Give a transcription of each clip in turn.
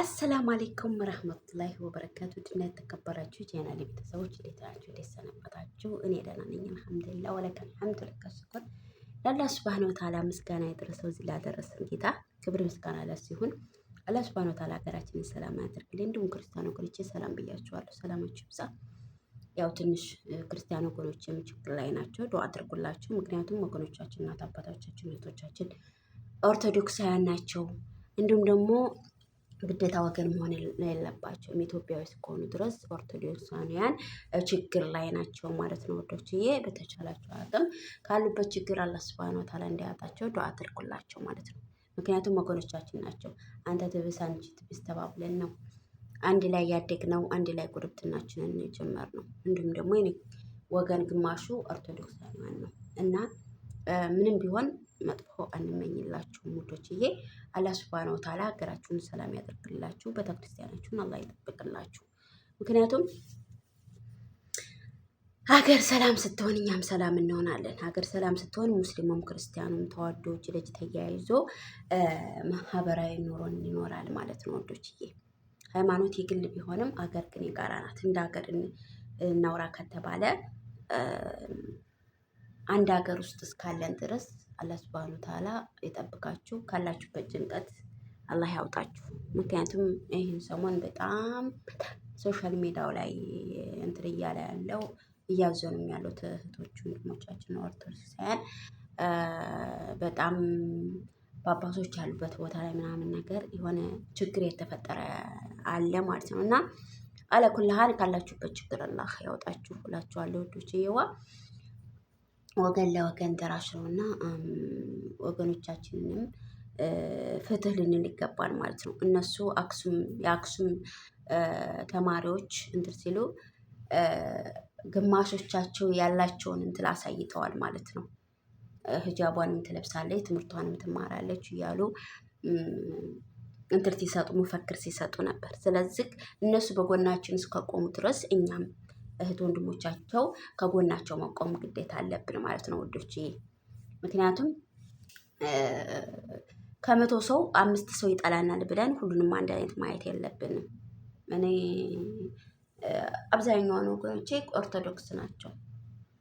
አሰላም አሌይኩም ረህመቱላሂ ወበረካቱ ድና የተከበራችሁ ቻናል ቤተሰቦች እንዴት ናችሁ? እንዴት ሰነበታችሁ? እኔ ደህና ነኝ አልሐምዱሊላህ። ወለከል ሐምዱ ለከ ሽኩር ለአላህ ሱብሃነሁ ወተዓላ ምስጋና የደረሰው እዚህ ላደረሰን ጌታ ክብር ምስጋና ለእሱ ይሁን። አላህ ሱብሃነሁ ወተዓላ ሀገራችንን ሰላም ያደርግልን። እንዲሁም ክርስቲያን ወገኖቼ ሰላም ብያችኋለሁ። ሰላማችሁ ይብዛ። ያው ትንሽ ክርስቲያን ወገኖቼም ችግር ላይ ናቸው። ዱአ አድርጉላቸው። ምክንያቱም ወገኖቻችን እናት አባቶቻችን እህቶቻችን ኦርቶዶክሳውያን ናቸው። እንዲሁም ደግሞ ግዴታ ወገን መሆን የለባቸውም። ኢትዮጵያዊ እስከሆኑ ድረስ ኦርቶዶክሳውያን ችግር ላይ ናቸው ማለት ነው። ወዶችዬ በተቻላቸው አቅም ካሉበት ችግር አላህ ሱብሃነሁ ወተዓላ እንዲያወጣቸው ዱዓ አድርጉላቸው ማለት ነው። ምክንያቱም ወገኖቻችን ናቸው። አንተ ትብስ አንቺ ትብስ ተባብለን ነው አንድ ላይ ያደግ ነው አንድ ላይ ጉርብትናችንን ነው። እንዲሁም ደግሞ ወገን ግማሹ ኦርቶዶክሳውያን ነው እና ምንም ቢሆን መጥፎ አንመኝላችሁም ውዶችዬ። አላህ ሱብሃነሁ ወተዓላ ሀገራችሁን ሰላም ያደርግላችሁ፣ ቤተክርስቲያናችሁን አላህ ይጠብቅላችሁ። ምክንያቱም ሀገር ሰላም ስትሆን እኛም ሰላም እንሆናለን። ሀገር ሰላም ስትሆን ሙስሊሙም ክርስቲያኑም ተዋዶ እጅ ለእጅ ተያይዞ ማህበራዊ ኑሮን ይኖራል ማለት ነው ወዶችዬ። ሃይማኖት የግል ቢሆንም አገር ግን የጋራ ናት። እንደ ሀገር እናውራ ከተባለ አንድ ሀገር ውስጥ እስካለን ድረስ አላህ ስብሃኑ ወተዓላ ይጠብቃችሁ፣ ካላችሁበት ጭንቀት አላህ ያውጣችሁ። ምክንያቱም ይህን ሰሞን በጣም ሶሻል ሚዲያው ላይ እንትን እያለ ያለው እያዘኑም ያሉት እህቶች ወንድሞቻችን ኦርቶዶክሳውያን በጣም ባባሶች ያሉበት ቦታ ላይ ምናምን ነገር የሆነ ችግር የተፈጠረ አለ ማለት ነው እና አለኩልሃል ካላችሁበት ችግር አላህ ያውጣችሁ እላችኋለሁ። ወዶች እየዋ ወገን ለወገን ደራሽ ነው እና ወገኖቻችንንም ፍትህ ልንል ይገባል ማለት ነው። እነሱ አክሱም የአክሱም ተማሪዎች እንትን ሲሉ ግማሾቻቸው ያላቸውን እንትን አሳይተዋል ማለት ነው። ሂጃቧንም ትለብሳለች ትምህርቷንም ትማራለች እያሉ እንትን ሲሰጡ መፈክር ሲሰጡ ነበር። ስለዚህ እነሱ በጎናችን እስከቆሙ ድረስ እኛም እህት ወንድሞቻቸው ከጎናቸው መቆም ግዴታ አለብን ማለት ነው ውዶች። ምክንያቱም ከመቶ ሰው አምስት ሰው ይጠላናል ብለን ሁሉንም አንድ አይነት ማየት የለብንም። እኔ አብዛኛውን ወገኖቼ ኦርቶዶክስ ናቸው።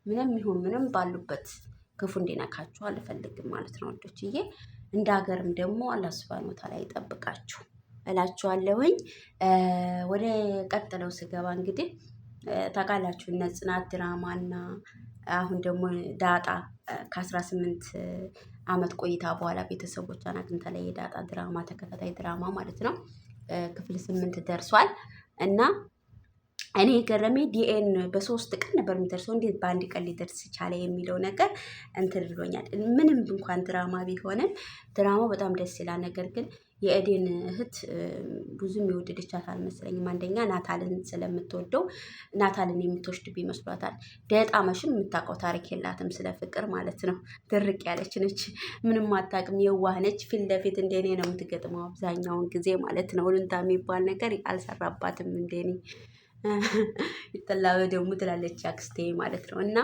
ምንም ይሁን ምንም ባሉበት ክፉ እንዲነካችሁ አልፈልግም ማለት ነው ወዶችዬ። እንደ ሀገርም ደግሞ አላህ ሱብሃነሁ ወተዓላ ይጠብቃችሁ እላችኋለሁኝ። ወደ ቀጥለው ስገባ እንግዲህ ታውቃላችሁ እነ ጽናት ድራማ እና አሁን ደግሞ ዳጣ ከአስራ ስምንት አመት ቆይታ በኋላ ቤተሰቦቿን አግኝታ ላይ የዳጣ ድራማ ተከታታይ ድራማ ማለት ነው ክፍል ስምንት ደርሷል እና እኔ ገረሜ ዲኤን በሶስት ቀን ነበር የሚደርሰው እንዴት በአንድ ቀን ሊደርስ ቻለ የሚለው ነገር እንትን ብሎኛል። ምንም እንኳን ድራማ ቢሆንም ድራማው በጣም ደስ ይላል። ነገር ግን የእዴን እህት ብዙም የወደደቻት አልመሰለኝም። አንደኛ ናታልን ስለምትወደው ናታልን የምትወሽድ ይመስሏታል። ደጣመሽም የምታውቀው ታሪክ የላትም ስለ ፍቅር ማለት ነው። ድርቅ ያለች ነች፣ ምንም አታውቅም፣ የዋህ ነች። ፊት ለፊት እንደኔ ነው የምትገጥመው አብዛኛውን ጊዜ ማለት ነው። ልንታ የሚባል ነገር አልሰራባትም እንደኔ ይጠላበ ደግሞ ትላለች አክስቴ ማለት ነው እና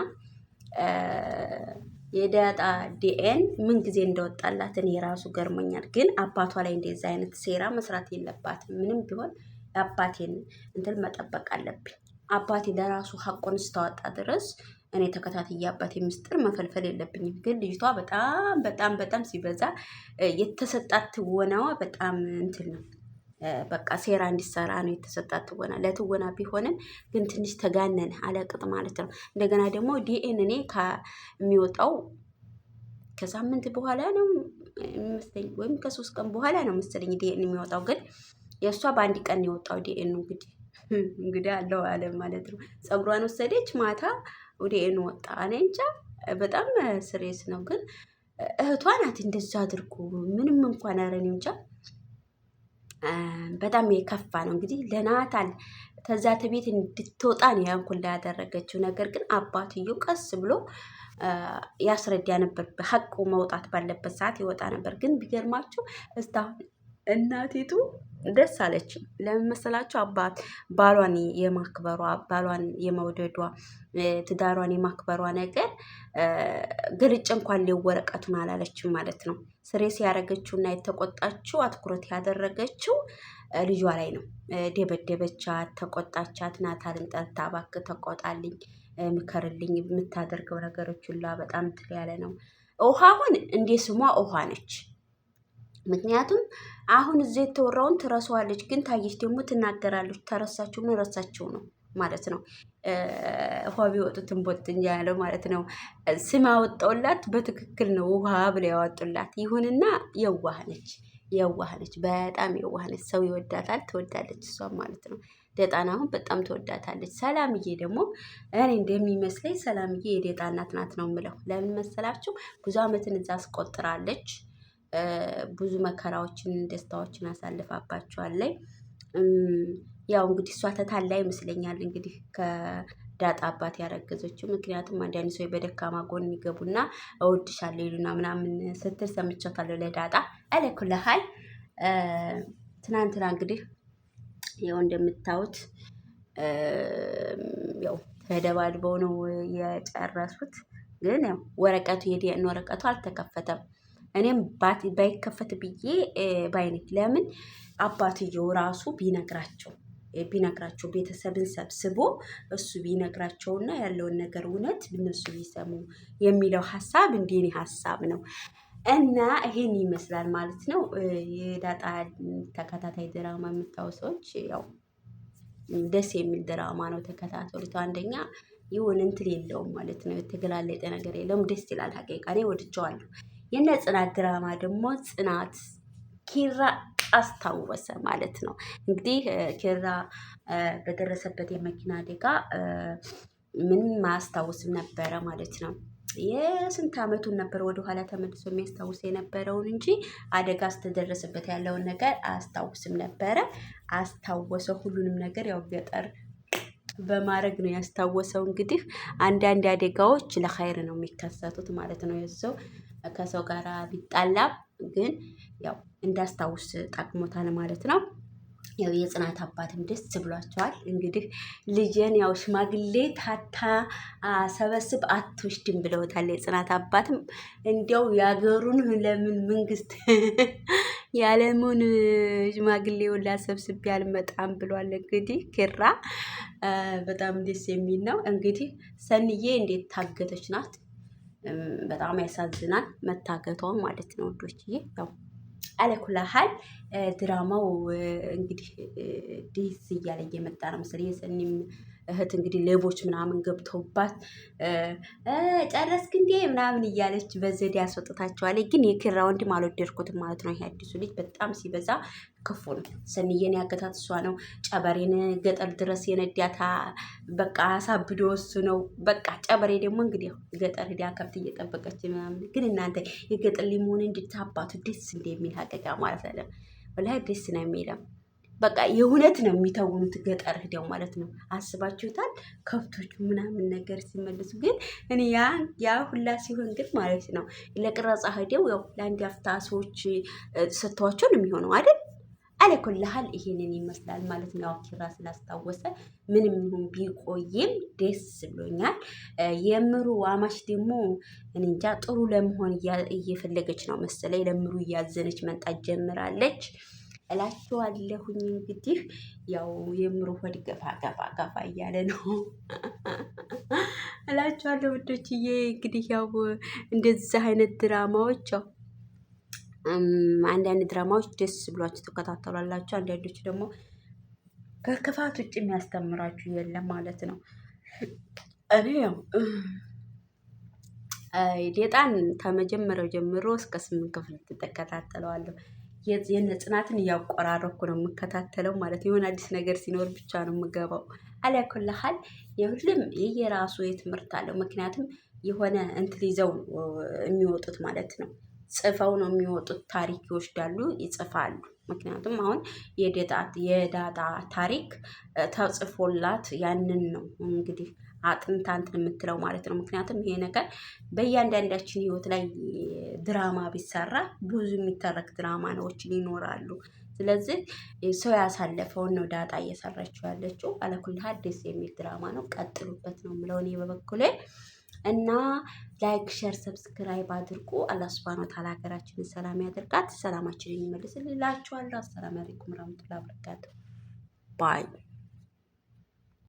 የዳጣ ዲኤን ምን ጊዜ እንደወጣላት እኔ ራሱ ገርሞኛል። ግን አባቷ ላይ እንደዚ አይነት ሴራ መስራት የለባትም። ምንም ቢሆን አባቴን እንትን መጠበቅ አለብኝ። አባቴ ለራሱ ሀቁን ስታወጣ ድረስ እኔ ተከታትዬ አባቴ ምስጢር መፈልፈል የለብኝም። ግን ልጅቷ በጣም በጣም በጣም ሲበዛ የተሰጣት ወናዋ በጣም እንትን ነው። በቃ ሴራ እንዲሰራ ነው የተሰጣት ትወና ለትወና ቢሆንም ግን ትንሽ ተጋነን አለቅጥ ማለት ነው። እንደገና ደግሞ ዲኤንኤ ከሚወጣው ከሳምንት በኋላ ነው የሚመስለኝ ወይም ከሶስት ቀን በኋላ ነው መሰለኝ ዲኤን የሚወጣው ግን የእሷ በአንድ ቀን የወጣው ዲኤን ነው። እንግዲህ እንግዲህ አለው አለ ማለት ነው። ጸጉሯን ወሰደች ማታ ዲኤን ወጣ። እኔ እንጃ በጣም ስሬስ ነው ግን እህቷ ናት እንደዛ አድርጎ ምንም እንኳን አረን እንጃ በጣም የከፋ ነው። እንግዲህ ለናታል ከዛት ቤት እንድትወጣ ነው ያን ያደረገችው። ነገር ግን አባትየው ቀስ ብሎ ያስረዳ ነበር። በሀቁ መውጣት ባለበት ሰዓት ይወጣ ነበር። ግን ቢገርማችሁ እስታሁን እናቴቱ ደስ አለች። ለምን መሰላችሁ? አባት ባሏን የማክበሯ ባሏን የመውደዷ ትዳሯን የማክበሯ ነገር ግልጭ እንኳን ሊወረቀቱን አላለችም ማለት ነው። ስሬስ ያደረገችው እና የተቆጣችው አትኩረት ያደረገችው ልጇ ላይ ነው። ደበደበቻት፣ ተቆጣቻት። ናታልን ጠርታ እባክህ ተቆጣልኝ፣ ምከርልኝ፣ የምታደርገው ነገሮች ሁላ በጣም ትል ያለ ነው። ውሃ አሁን እንደ ስሟ ውሃ ነች። ምክንያቱም አሁን እዚህ የተወራውን ትረሳዋለች፣ ግን ታየች ደግሞ ትናገራለች። ተረሳችሁም ረሳችሁ ነው ማለት ነው። ውሃ ቢወጡትን ቦጥ ያለው ማለት ነው። ስም አወጣውላት በትክክል ነው ውሃ ብለ ያወጡላት። ይሁንና የዋህ ነች፣ የዋህ ነች፣ በጣም የዋህ ነች። ሰው ይወዳታል፣ ትወዳለች እሷም ማለት ነው። ደጣና አሁን በጣም ትወዳታለች። ሰላምዬ ደግሞ እኔ እንደሚመስለኝ ሰላምዬ የዴጣ እናት ናት ነው የምለው። ለምን መሰላችሁ? ብዙ አመትን እዛ አስቆጥራለች። ብዙ መከራዎችን ደስታዎችን አሳልፋባቸዋለች። ያው እንግዲህ እሷ ተታላ ይመስለኛል እንግዲህ ከዳጣ አባት ያረገዘችው። ምክንያቱም አንዳንድ ሰው በደካማ ጎን ይገቡና እወድሻለሁ ይሉና ምናምን ስትል ሰምቻታለሁ ለዳጣ አለኩላሃል። ትናንትና እንግዲህ ያው እንደምታዩት ያው ተደባድበው ነው የጨረሱት። ግን ያው ወረቀቱ የዲኤንኤ ወረቀቱ አልተከፈተም። እኔም ባይከፈት ብዬ ባይነኝ። ለምን አባትየው ራሱ ቢነግራቸው ቢነግራቸው ቤተሰብን ሰብስቦ እሱ ቢነግራቸውና ያለውን ነገር እውነት እነሱ ቢሰሙ የሚለው ሀሳብ እንዲህ ሀሳብ ነው እና ይሄን ይመስላል ማለት ነው። የዳጣ ተከታታይ ድራማ የምታዩ ሰዎች ያው ደስ የሚል ድራማ ነው። ተከታተሉት። አንደኛ ይሁን እንትን የለውም ማለት ነው። የተገላለጠ ነገር የለውም። ደስ ይላል። ሀቂቃ እኔ ወድጀዋለሁ። የነ ጽናት ድራማ ደግሞ ጽናት ኪራ አስታወሰ ማለት ነው። እንግዲህ ኪራ በደረሰበት የመኪና አደጋ ምንም አያስታውስም ነበረ ማለት ነው። የስንት ዓመቱን ነበር ወደኋላ ተመልሶ የሚያስታውስ የነበረውን እንጂ አደጋ ስተደረሰበት ያለውን ነገር አያስታውስም ነበረ። አስታወሰ ሁሉንም ነገር ያው ገጠር በማድረግ ነው ያስታወሰው። እንግዲህ አንዳንድ አደጋዎች ለኸይር ነው የሚከሰቱት ማለት ነው የሰው ከሰው ጋር ቢጣላም ግን ያው እንዳስታውስ ጠቅሞታል ማለት ነው። ያው የጽናት አባትም ደስ ብሏቸዋል። እንግዲህ ልጄን ያው ሽማግሌ ታታ ሰበስብ አትወሽድም ብለውታል። የጽናት አባትም እንዲያው ያገሩን ለምን መንግስት ያለሙን ሽማግሌውን ላሰብስቤ አልመጣም ብሏል። እንግዲህ ኪራ በጣም ደስ የሚል ነው። እንግዲህ ሰንዬ እንዴት ታገተች ናት በጣም ያሳዝናል መታገቷም ማለት ነው ውዶችዬ። ያው አለኩላሀል ድራማው እንግዲህ ዲስ እያለ እየመጣ ነው መሰለኝ የሰኒም እህት እንግዲህ ሌቦች ምናምን ገብተውባት ጨረስክ እንዴ ምናምን እያለች በዘዴ ያስወጥታቸዋለች። ግን የኪራ ወንድም አልወደድኩትም ማለት ነው። ይሄ አዲሱ ልጅ በጣም ሲበዛ ክፉ ነው። ሰንዬን ያገታት እሷ ነው። ጨበሬን ገጠር ድረስ የነዳታ በቃ አሳብዶ እሱ ነው። በቃ ጨበሬ ደግሞ እንግዲህ ገጠር ሄዳ ከብት እየጠበቀች ምናምን። ግን እናንተ የገጠር ሊሞን እንድታባቱ ደስ እንደሚል ሀቀቃ ማለት አለ ወላሂ ደስ ነው የሚለው በቃ የእውነት ነው የሚተውኑት ገጠር ሂደው ማለት ነው። አስባችሁታል? ከብቶቹ ምናምን ነገር ሲመልሱ ግን እኔ ያ ያ ሁላ ሲሆን ግን ማለት ነው ለቅረጻ ሂደው ያው ለአንድ አፍታ ሰዎች ሰጥተዋቸው ነው የሚሆነው አይደል? አለኩልሃል ይሄንን ይመስላል ማለት ነው። አኪራ ስላስታወሰ ምንም ይሁን ቢቆይም ደስ ብሎኛል። የምሩ አማች ደግሞ እንጃ ጥሩ ለመሆን እየፈለገች ነው መሰለኝ። ለምሩ እያዘነች መንጣት ጀምራለች። እላችኋለሁኝ። እንግዲህ ያው የምሮ ሆድ ገፋ ገፋ ገፋ እያለ ነው እላችኋለሁ ውዶችዬ። እንግዲህ ያው እንደዚህ አይነት ድራማዎች ያው አንዳንድ ድራማዎች ደስ ብሏችሁ ትከታተሏላችሁ፣ አንዳንዶች ደግሞ ከክፋት ውጭ የሚያስተምራችሁ የለም ማለት ነው። እኔ ያው ሌጣን ከመጀመሪያው ጀምሮ እስከ ስምንት ክፍል ትከታተለዋለሁ። የነ ጽናትን እያቆራረኩ ነው የምከታተለው ማለት የሆነ አዲስ ነገር ሲኖር ብቻ ነው የምገባው። አለኩልሃል የሁሉም የየራሱ የትምህርት አለው። ምክንያቱም የሆነ እንትን ይዘው የሚወጡት ማለት ነው ጽፈው ነው የሚወጡት። ታሪክ ይወስዳሉ፣ ይጽፋሉ። ምክንያቱም አሁን የዳጣ ታሪክ ተጽፎላት ያንን ነው እንግዲህ አጥንታ እንትን የምትለው ማለት ነው። ምክንያቱም ይሄ ነገር በእያንዳንዳችን ህይወት ላይ ድራማ ቢሰራ ብዙ የሚተረክ ድራማ ነዎች ይኖራሉ። ስለዚህ ሰው ያሳለፈውን ነው ዳጣ እየሰራችው ያለችው። አለኩል ደስ የሚል ድራማ ነው። ቀጥሉበት ነው የምለው እኔ በበኩሌ እና ላይክ፣ ሸር፣ ሰብስክራይብ አድርጉ። አላህ ሱብሃነሁ ወተዓላ ሀገራችንን ሰላም ያደርጋት፣ ሰላማችንን ይመልስልላችኋለሁ። አሰላም አለይኩም ወራህመቱላሂ ወበረካቱ ባይ